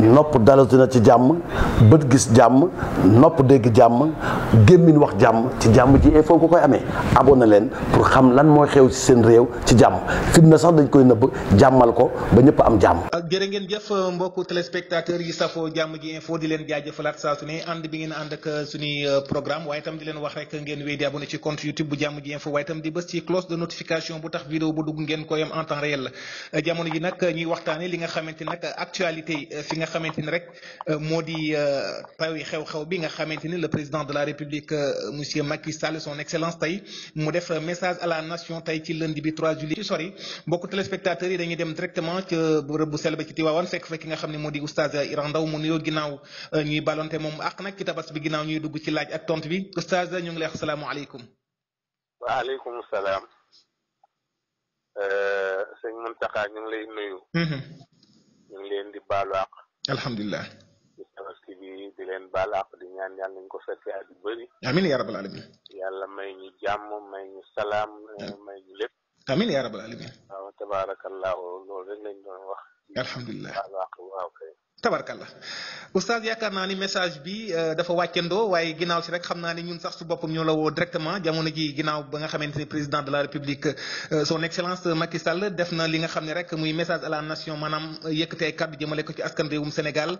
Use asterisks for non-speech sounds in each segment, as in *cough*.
nopp dalatu na ci jàmm bët gis jàmm nopp dégg jàmm gémmiñ wax jàmm ci jàmm ji il faut nga koy amee abonné leen pour xam lan mooy xew ci seen réew ci jàmm na sax dañ koy nëbb jàmmal ko ba ñëpp am jàmm. Ah, jërë ngeen jëf mbokku téléspectateurs yi safoo jàmm ji info di leen jaajëfalaat saa su ne ànd bi ngeen ànd ak euh, suñuy euh, programme waaye itam di leen wax rek ngeen wéy di abonné ci compte YouTube bu jàmm ji info waaye itam di bës ci cloche de notification nga ni rek euh, moo di tawi euh, xew-xew bi nga xamante ni le président de la république euh, monsieur Macky Sall son excellence tey mu def message à la nation tey ci lundi bi 3 juillet ci sori mbokk téléspectateurs yi dañuy dem directement ca bërëb bu sell ba ci Tivaouane fekk fekk nga xam ne moo di oustaz Iran Ndaw mu nuyoo ginnaaw ñuy balonte moom ak nag ci tabas bi ginnaaw ñuy dugg ci laaj ak tont bi oustaz ñu ngi lay wax salaamaaleykum. waaleykum salaam. sëñ ñu ngi alhamdulilah. tabaski bi di leen baal àq di ñaan yàlla nañ ko fekkee at bëri. amiin yaa rabal alamin. yàlla may ñu jàmm may salaam. may ñu lépp. yaa rabal alamin. waaw tabaarakallahu loolu rek lañ doon wax. alhamdulilah waaw kay. tabarkalla oustaz yaakaar naa ni message bi euh, dafa wàccandoo waaye ginnaaw si rek xam naa ni ñun sax su boppam ñoo la woo directement jamono ji ginnaaw ba nga xamante ni président de la république euh, son excellence Macky Sall def na li nga xam ne rek muy message à la nation maanaam euh, yëkkatee kàddu jëmale ko ci askan réewum Sénégal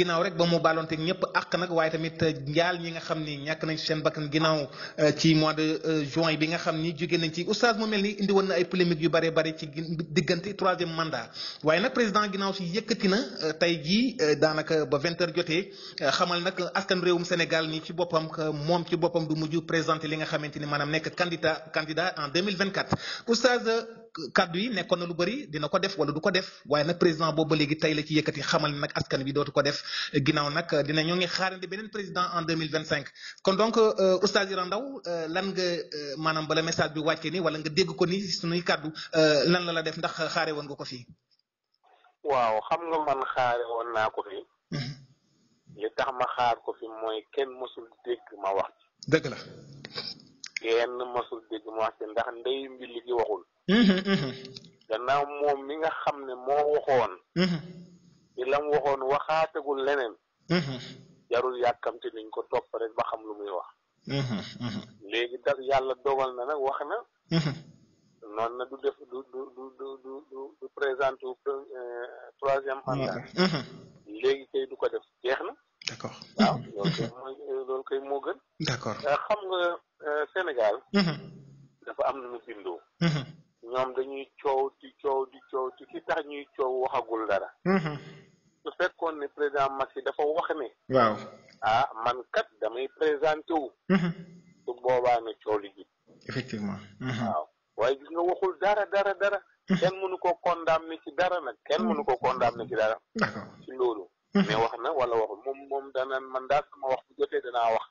ginnaaw rek ba mu baalonteeg ñëpp àq nag waaye tamit njaal ñi nga xam ni ñàkk nañ seen bakkan ginnaaw ci mois de juin bi nga xam ni jóge nañ ci oustaz mu mel ni indi woon na ay polémique yu bare ci diggante troisième mandat waaye président ginnaaw si yëkkati na euh, tey jii euh, daanaka ba vingt jotee euh, xamal nag askan réewum Sénégal nii ci boppam moom ci boppam du mujj présenté li nga xamante ni maanaam nekk candidat candidat en 2024 oustaz kaddu yi nekkoon na lu bëri dina ko def wala du ko def waaye nag président boobu ba léegi tey la ci yëkkati xamal nag askan bi dootu ko def ginnaaw nag dina ñoo ngi xaarandi beneen président en 2025 kon donc oustaz Iran Ndao lan nga maanaam bala message bi wàcce ni wala nga dégg ko ni suñuy kaddu lan la la def ndax xaare woon nga ko fii waaw xam nga man xaare woon naa ko fi. Mhm. li tax ma xaar ko fi mooy kenn mësul dégg ma wax ci. dëgg la. kenn mësul dégg ma wax ci ndax ndey mbir li waxul. Mhm, mhm. gannaaw moom mi nga xam ne moo waxoon. di waxoon waxaategul leneen. jarul yàkkamti niñ ko topp rek ba xam lu muy wax. léegi da yàlla dogal na nag wax na. noonu na du def du du du du du du présenté euh, troisième mandat mhm. léegi kay du ko def jeex na d'accord waaw mhm. euh, loolu kay moo gën d'accord euh, xam nga Sénégal mhm. dafa am na mu bindoo ñoom dañuy coow di coow di coow ci ki tax ñuy coow waxagul dara su fekkoon ne président Macky dafa wax ne waaw ah man kat damay présenté su boobaa na coow li effectivement waaw waxul dara dara dara hmm. kenn mënu ko condamné ci dara nag kenn hmm. mënu ko condamné ci dara ci loolu hmm. mais wax na wala waxul moom moom danaan man daal sama wax bu jotee danaa wax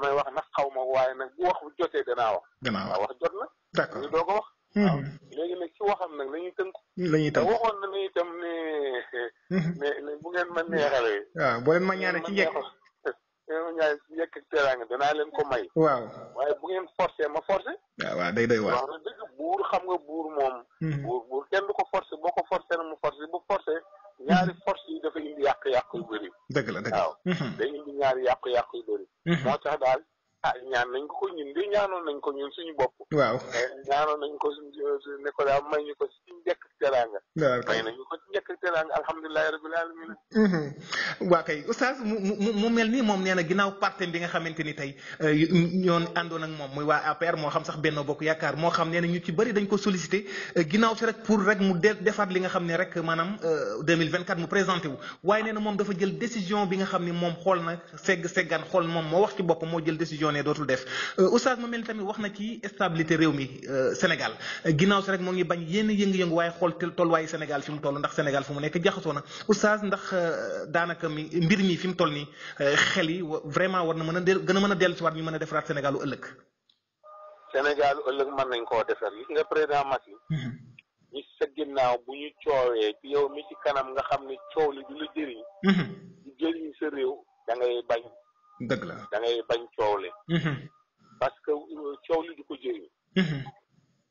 waaw la nag xaw ma waaye nag bu wax bu jotee danaa wax waaw wax jot na d'accord ñu doog a wax waaw léegi nag ci waxam nag la ñuy tënk la ñuy tënk waxoon na ni itam ne *laughs* ne bu ngeen ma neexalee waaw boo leen ma *laughs* ñaanee ci njëkk ma ñaanee waaye bu ngeen forcé ma forcé waaw waaw day doy xam nga buur moom hmm. buur buur kenn du ko forcé boo ko forcé na mu forcé bu forcé hmm. ñaari force yi dafa indi yàq-yàq yu bëri dëgg la dëgg waaw hmm. day indi ñaari yàq-yàq yu bëri moo tax daal ah ñaan nañ ko ko ñun de ñaanoon nañ suñu bopp waaw eh, ñaanoon nañ ko suñ ne daal may ñu ko si njëkk teraanga may nañu ko si njëkk teraanga alhamdulilah rabbil alamin mhm. waa kay oustaz mu mu mel nii moom nee na ginnaaw partem bi nga xamante ni tey euh, ñoon àndoon ak moom muy waa APR moo xam sax Benno Bokk Yaakaar moo xam nee na ñu ci bëri dañ ko sollicité euh, ginnaaw si rek pour rek mu defaat li nga xam ne rek maanaam 2024 euh, mu présenté wu waaye nee na moom dafa jël décision bi nga xam ni moom xool na segg seggaan xool moom moo wax ci bopp moo jël décision ne dootul def oustaz mu mel ni tamit wax na ci stabilité réew mi Sénégal ginnaaw si rek moo ngi bañ yenn yëngu-yëngu waaye xool tolluwaayu Sénégal fi mu toll ndax Sénégal fu mu nekk jaxasoo na oustaz ndax euh, daanaka mi mbir mi fi mu toll nii euh, xel yi vraiment war na mën a del gën a mën a del si waat ñu mën a defaraat Sénégal lu ëllëg. Sénégal lu ëllëg mën nañ koo defar gis nga président Macky. ñi mm-hmm. sa ginnaaw bu ñu coowee ci yow mi ci kanam nga xam ne coow li du la jëriñ. Mm-hmm. du jëriñ sa réew da ngay bañ. dëgg la da ngay bañ coow le mm-hmm. parce que euh, coow li du ko jëriñ.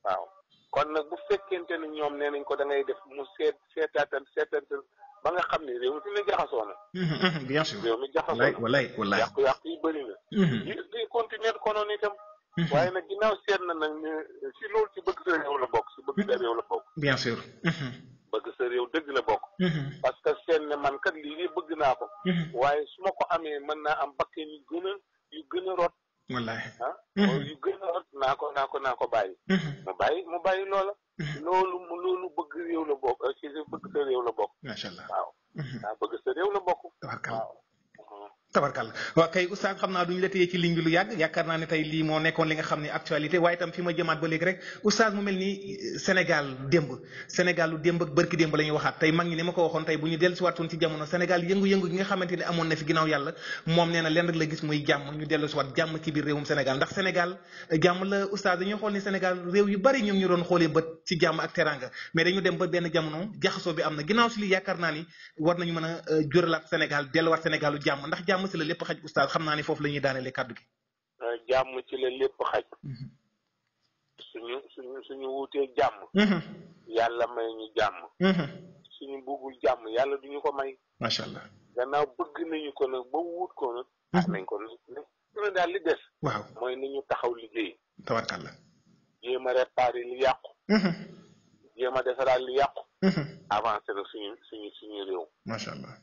waaw. kon nag bu fekkente ne ñoom nee nañ ko da ngay def mu seet seetaatal seetaatal ba nga xam ne réew mi fi mu jaxasoo na. Mm-hmm, bien sûr réew mi jaxasoo na walaay walaay yàqu yi bëri na. yi mm-hmm. di mm-hmm. waaye nag ginnaaw seet na nag ne si loolu ci bëgg sa réew la bokk si bëgg sa réew la bokk. bien sûr. bëgg sa réew dëgg la bokk. parce que seen ne man kat lii nii bëgg naa ko. waaye su ma ko amee mën naa am bakkan yu gën a yu gën a rot. walaay. naa ko naa ko bàyyi mu mhm. bàyyi mu bàyyi loola mhm. loolu mu loolu bëgg réew la bokk ci bëgg sa réew la bokk macha allah waaw mhm. bëgg la bokk waaw tabarkàlla waaw kay oustaz xam naa duñu la téye ci ligne bi lu yàgg yaakaar naa ne tey lii moo nekkoon li nga xam ne actualité waaye itam fi ma jëmaat ba léegi rek oustaz mu mel ni euh, Sénégal démb Sénégal lu démb euh, ba benn jamono jaxasoo bi am na ginnaaw si li yaakaar naa ni war nañu mën a euh, juralaat Sénégal delluwaat Sénégal lu ndax jàmm ma si la lépp xaj oustaz xam naa ne foofu la ñuy daanelee kàddu gi. Euh, jàmm ci la lépp xaj. Mhm. suñu suñu suñu wuutee jàmm. Mhm. yàlla may ñu jàmm. Mhm. suñu bëggul jàmm yàlla du ñu ko may. macha allah gannaaw bëgg nañu ko nag ba wuut ko nag. ah nañ ko nag dina daal li des. waaw mooy ni taxaw liggéey. tabarkalla. jéem a réparé li yàqu. jéem a defaraat li yàqu. avancé na suñu suñu suñu réew. macha allah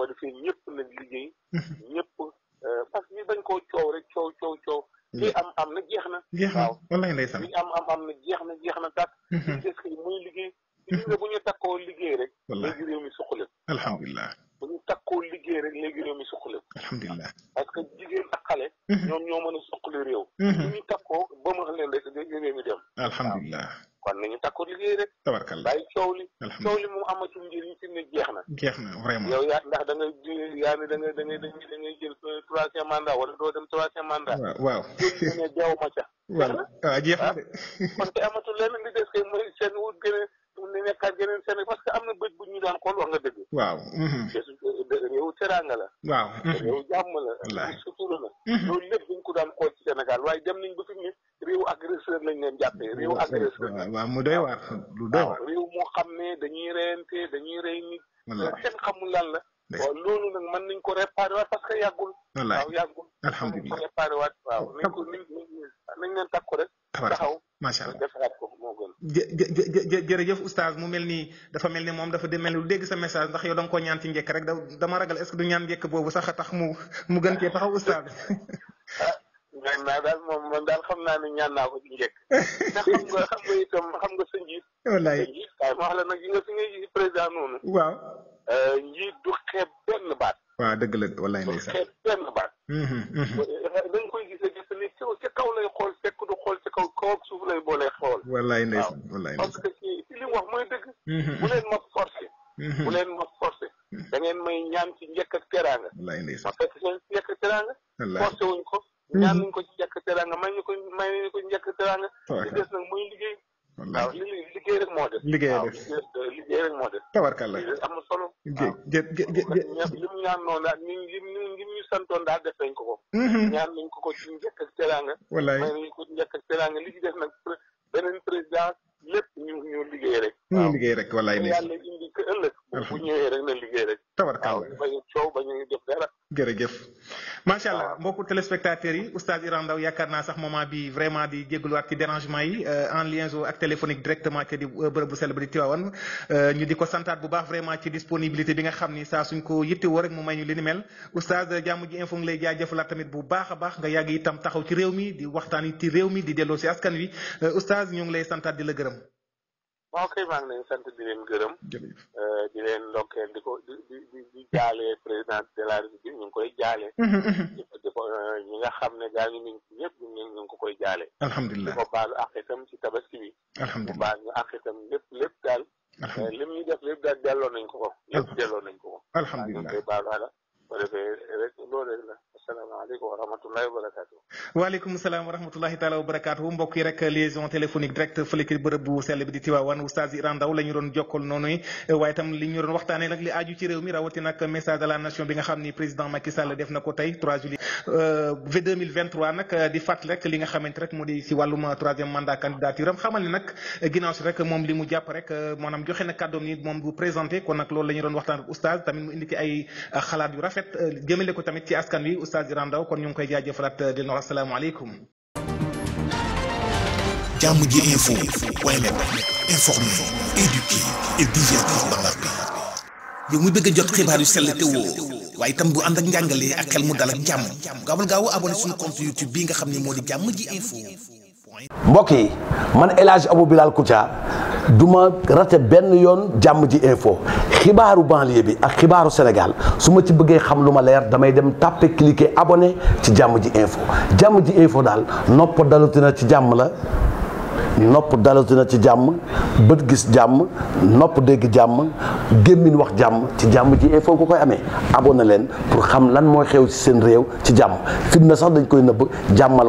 boo defee ñëpp nañ liggéey. Mm-hmm. ñëpp euh, parce que ñu bañ koo coow rek coow coow coow. Mm-hmm. am am na jeex na. jeex na wallaahi ndeysaan li am am am na na jeex li des kay muy liggéey. Mm-hmm. gis nga bu ñu takkoo liggéey rek. wallaahi léegi réew mi suqaleem. alhamdulilah. bu ñu takkoo liggéey rek léegi réew mi suqaleem. alhamdulilah parce que jigéen ak xale. ñoom ñoo mën a suqali réew. bu ñu takkoo ba mu leen rek léegi réew mi dem. alhamdulilah. ko liggéey rek. tabarkalla bàyyi coow li. coow li moom amatul njëriñ fi ne jeex na. jeex na vraiment da da ngay da ngay da ngay jël troisième mandat wala doo dem troisième mandat. waaw waaw ma ca. *laughs* waaw waaw ah, jeex na ah. de. a *laughs* parce que am na bët bu ñu daan xool wax nga dëgg. waaw. réew mhm. teraanga la. waaw. réew mhm. jàmm la. Mhm. loolu lépp dañ ko daan xool ci Sénégal waaye dem nañ ba ne réew agresseur lañ leen jàppee réew agresseur waaw mu doy waar lu doy waar réew moo xam ne dañuy reyante dañuy rey nit kenn xamul lan la waaw loolu nag mën nañ ko réparé waat parce que yàggul waaw yàggul alhamdulilah ko réparé waat waaw nañ ko nañ nañ leen takku rek taxaw macha allah defaraat ko moo gën jë jërëjëf oustaz mu mel nii dafa mel ni moom dafa de mel ni lu dégg sa message ndax yow da nga koo ñaan ci njëkk rek da dama ragal est ce que du ñaan njëkk boobu sax a tax mu mu gën cee taxaw oustaz *laughs* ah, daal xam naa ne ñaan naa ko ci njëkk *laughs* te xam nga xam nga itam xam nga sa njiit wallaay waaw euh, njiit du xeeb benn baat waaw dëgg la wallaay ndeysaan du xeeb mhm, mhm. eh, da nga koy gis a gis ne ci ci kaw lay xool fekk du xool ci kaw kaw ak suuf lay boolee xool wallaay ndeysaan wallaay ndeysaan parce que wax mooy dëgg mhm, bu leen ma forcé bu leen ma forcé da may ñaan ci njëkk ak teraanga wallaay ndeysaan ko may nañu ko njëkk teraanga li des nag muy liggéey waaw li liggéey rek moo des liggéey rek moo des tabarkalla am na solo gé li mu ñaan noonu daal ni li ñu santoon daal def nañ ko ko ñaan nañ ko ko ci njëkk ak may nañu ko njëkk ak li ci des nag beneen président lépp ñu ñu liggéey rek ñu liggéey rek wallaay yàlla indi bu ñëwee rek na liggéey rek. tabarkalla waaw bañu coow bañu allah mbokku téléspectateurs yi oustaz Iran Ndao yaakaar naa sax moment bi vraiment di jégaluwaat ci dérangement yi euh, en lien ak téléphonique directement ca di euh, bërëb bu sell ba euh, ñu di ko santaat bu baax vraiment ci disponibilité bi nga xam ni saa suñ ko yittewoo rek mu may ñu li ni mel oustaz jàmm ji info ngi lay jaajëfalaat tamit bu baax a baax nga yàgg itam taxaw ci réew mi di waxtaan ci réew mi di delloo si askan wi oustaz ñu ngi lay santaat di la gërëm waaw kay maa ngi leen sant di leen gërëm. Euh, di leen ndokkeel di ko di di di jaale président de la république ñu ngi koy jaale. di euh, nga xam ne gaañu nañ ci ñëpp ñu ngi ko koy jaalee alhamdulilah di ko baalu àq ci tabaski bi. alhamdulilah di ko baalu àq itam lépp lépp daal. alhamdulilah euh, lim ñu def delloo nañ ko ko. lépp delloo nañ ko ko. alhamdulilah waaw ñu ngi koy baalu waaleykum salaam wa rahmatullahi taala wa barakaatu mbokk yi rek liaison téléphonique direct fële ci bërëb bu sell bi di Tivaouane oustaz Iran Ndao la ñu doon jokkal noonu waaye itam li ñu doon waxtaanee nag li aju ci réew mi rawati nag message à la nation bi nga xam ni président Macky Sall na ko tey 3 juillet 2023 euh, nag di fàttali rek li nga xamante rek mu di si wàllum troisième mandat candidature am xamal ni nag ginnaaw si moom li mu jàpp rek maanaam joxe na kàddoom ni moom bu présenté kon nag loolu la ñu doon waxtaan ak oustaz tamit mu indi ci ay xalaat yu rafet jëmale ko tamit ci askan wi oustaz Iran Ndao kon ñu ngi koy jaajëfalaat assalaamu aleykum jàmm ji info waaye nag informer, éduquer et yow mi bëgg jot xibaar yu sell te waaye itam bu ànd ak njàngalee ak xel mu dal ak jàmm gaawal gaaw abonné suñu compte YouTube bii nga xam ne moo di jàmm ji info mbokk yi man El Hadj Abou Bilal duma rate benn yoon jàmm ji info xibaaru banlieue bi ak xibaaru Sénégal su ma ci bëggee xam lu ma leer damay dem tàppe cliquer abone ci jàmm ji info jàmm ji info daal nopp dalutina ci jàmm la nopp dalutina ci jàmm bët gis jàmm nopp dégg jàmm gémmiñ wax jàmm ci jàmm ji info nga koy amee abonné leen pour xam lan mooy xew ci seen réew ci jàmm fitna sax dañ koy nëbb jàmmal ko